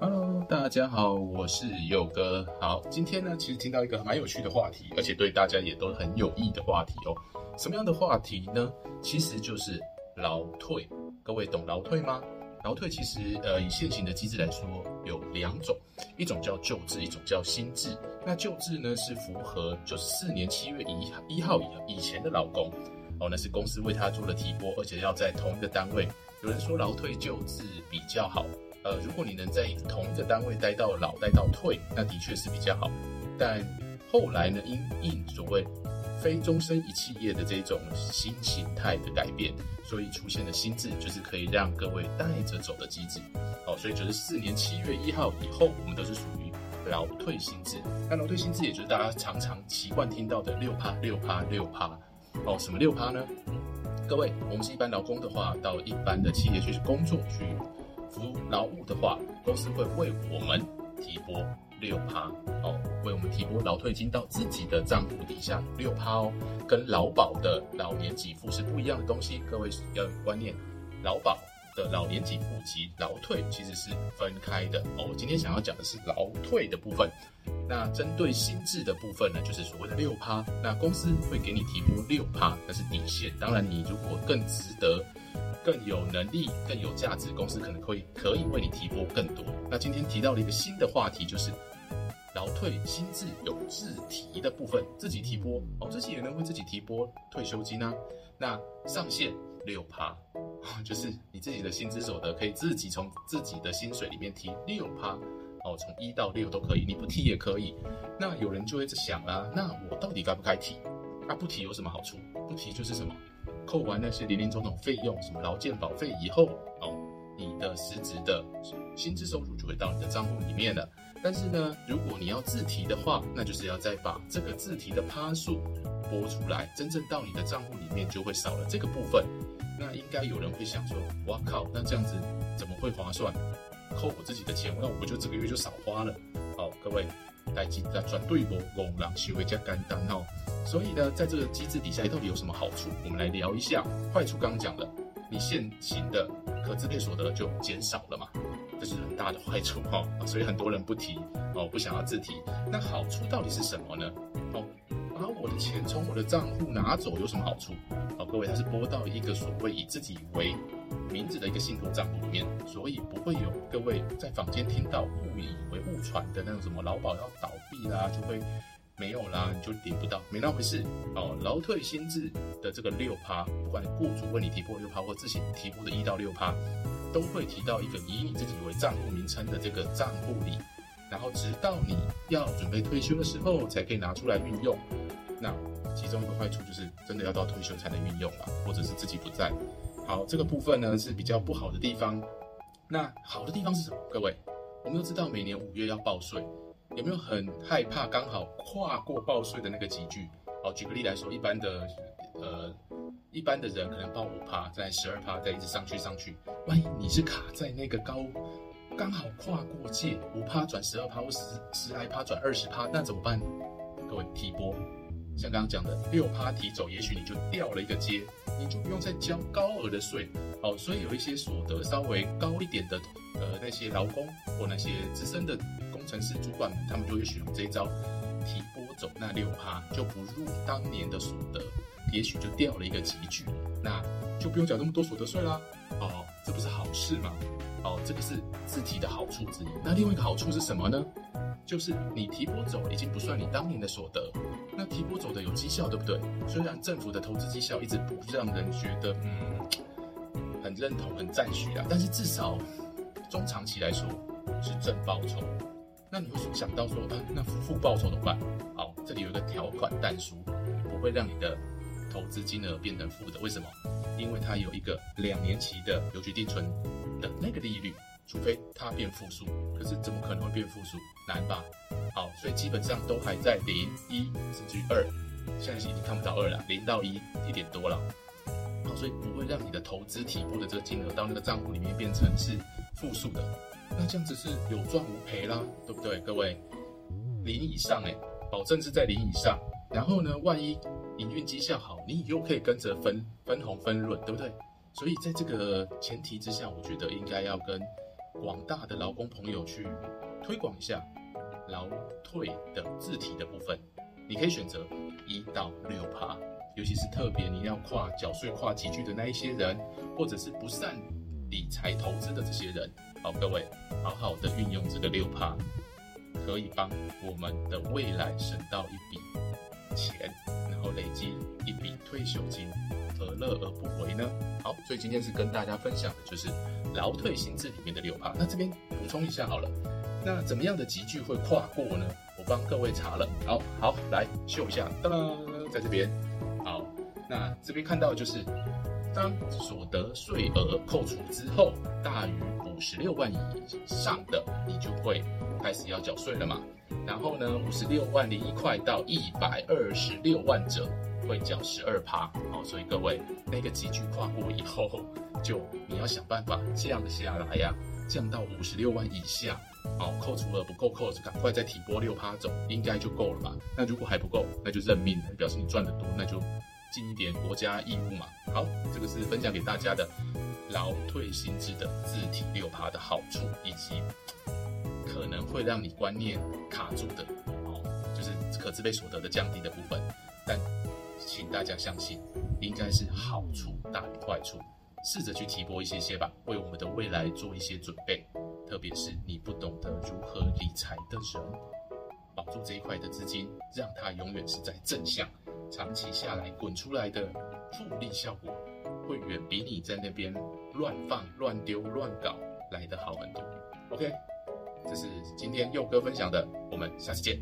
Hello，大家好，我是佑哥。好，今天呢，其實聽到一個蠻有趣的話題，而且對大家也都很有益的話題哦、喔。什麼樣的話題呢？其實就是勞退。各位懂勞退嗎？勞退其實呃，以現行的機制來說有兩種，一種叫舊制，一種叫新制。那舊制呢，是符合九四年七月一一號以以前的勞工，哦，那是公司為他做了提撥，而且要在同一個單位。有人說勞退舊制比較好。呃，如果你能在同一個單位待到老，待到退，那的確是比較好。但後來呢，因應所謂非終身一企業的這種新形態的改變，所以出現了新制就是可以讓各位帶着走的機制。哦，所以九十四年七月一號以後，我們都是屬於勞退新制。那勞退新制也就是大家常常習慣聽到的六趴、六趴、六趴。哦，什麼六趴呢？嗯，各位，我們是一般勞工的話，到一般的企業去工作去。如勞務的話，公司會為我們提撥六趴哦，為我們提撥勞退金到自己的賬戶底下六趴哦，跟勞保的老年給付是不一樣的東西，各位要有觀念，勞保的老年給付及勞退其實是分開的哦。今天想要講的是勞退的部分，那針對新制的部分呢，就是所謂的六趴，那公司會給你提撥六趴，那是底線，當然你如果更值得。更有能力、更有價值，公司可能會可，可以為你提撥更多。那今天提到了一個新的話題，就是勞退薪資有自提的部分，自己提撥哦，自己也能為自己提撥退休金呢、啊。那上限六趴，就是你自己的薪資所得可以自己從自己的薪水裡面提六趴哦，從一到六都可以，你不提也可以。那有人就會想啊，那我到底該不該提？那、啊、不提有什麼好處？不提就是什麼？扣完那些零零總總費用，什麼勞健保費以後，哦，你的實質的薪資收入就會到你的賬戶裡面了。但是呢，如果你要自提的話，那就是要再把這個自提的趴數撥出來，真正到你的賬戶裡面就會少了這個部分。那應該有人會想說，哇靠，那這樣子怎麼會划算？扣我自己的錢，那我不就這個月就少花了。好、哦，各位，來記得轉對波誤人學會加「簡單哦。所以呢，在這個機制底下，到底有什麼好處？我們來聊一下。壞處剛剛講了，你現行的可支配所得就減少了嘛，這是很大的壞處哈、哦。所以很多人不提哦，不想要自提。那好處到底是什麼呢？好、哦，把、啊、我的錢從我的賬戶拿走有什麼好處？好、哦，各位，它是撥到一個所謂以自己為名字的一個信托賬戶裡面，所以不會有各位在坊間聽到誤以為誤傳的那種什麼勞保要倒閉啦、啊，就會。沒有啦，你就領不到，沒那回事。哦，勞退新制的這個六趴，不管你雇主為你提撥六趴，或自己提撥的一到六趴，都會提到一個以你自己為賬戶名稱的這個賬戶裡，然後直到你要準備退休的時候，才可以拿出來運用。那其中一個壞處就是，真的要到退休才能運用嘛，或者是自己不在。好，這個部分呢，是比較不好的地方。那好的地方是什麼？各位，我們都知道每年五月要報稅。有沒有很害怕剛好跨過報稅的那個級距？哦，舉個例來說，一般的，呃，一般的人可能報五趴，在十二趴再一直上去上去。萬一你是卡在那個高，剛好跨過界，五趴轉十二趴，或十十來趴轉二十趴，那怎麼辦呢？各位提撥，像剛剛講的六趴提走，也許你就掉了一個階，你就不用再交高額的稅。哦，所以有一些所得稍微高一點的，呃，那些勞工或那些資深的。城市主管他們就會使用這一招，提撥走那六趴，就不入當年的所得，也許就掉了一個級距，那就不用繳那麼多所得稅啦、啊。哦，這不是好事嗎？哦，這個是自提的好處之一。那另外一個好處是什麼呢？就是你提撥走已經不算你當年的所得，那提撥走的有績效，對不對？雖然政府的投資績效一直不讓人覺得嗯很認同、很讚許啊但是至少中長期來說是正報酬。那你會想到說，啊，那負負報酬怎麼辦？好，這裡有一個條款但書，不會讓你的投資金額變成負的。為什麼？因為它有一個兩年期的郵局定存的那個利率，除非它變負數。可是怎麼可能會變負數？難吧？好，所以基本上都還在零一，甚至於二，現在是已經看不到二了，零到一一點多了。好，所以不會讓你的投資提撥的這個金額到那個賬戶裡面變成是負數的。那這樣子是有賺無賠啦，對不對？各位，零以上誒、欸，保證是在零以上。然後呢，萬一營運績效好，你又可以跟着分分紅分潤，對不對？所以在這個前提之下，我覺得應該要跟廣大的勞工朋友去推廣一下勞退的自提的部分。你可以選擇一到六趴，尤其是特別你要跨繳稅跨級距的那一些人，或者是不善理財投資的這些人。好，各位，好好的運用這個六趴，可以幫我們的未來省到一筆錢，然後累積一筆退休金，何樂而不為呢？好，所以今天是跟大家分享的就是勞退新制裡面的六趴。那這邊補充一下好了，那怎麼樣的級距會跨過呢？我幫各位查了，好，好來秀一下，噔噔，在這邊。好，那這邊看到就是。當所得稅額扣除之後，大於五十六萬以上的，你就會開始要繳稅了嘛。然後呢，五十六萬零一塊到一百二十六萬者，會繳十二趴。好，所以各位那個級距跨過以後就你要想辦法降下來呀，啊，降到五十六萬以下。好，扣除額不夠扣，趕快再提撥六趴走，應該就夠了吧？那如果還不夠，那就認命了，表示你賺得多，那就。經典國家義務嘛，好，這個是分享給大家的勞退新制的自提六趴的好處，以及可能會讓你觀念卡住的哦，就是可支配所得的降低的部分。但請大家相信，應該是好處大於壞處，試着去提撥一些些吧，為我們的未來做一些準備。特別是你不懂得如何理財的人，保住這一塊的資金，讓它永遠是在正向。長期下來，滾出來的複利效果會遠比你在那邊亂放、亂丟、亂搞來得好很多。OK，這是今天佑哥分享的，我們下次見。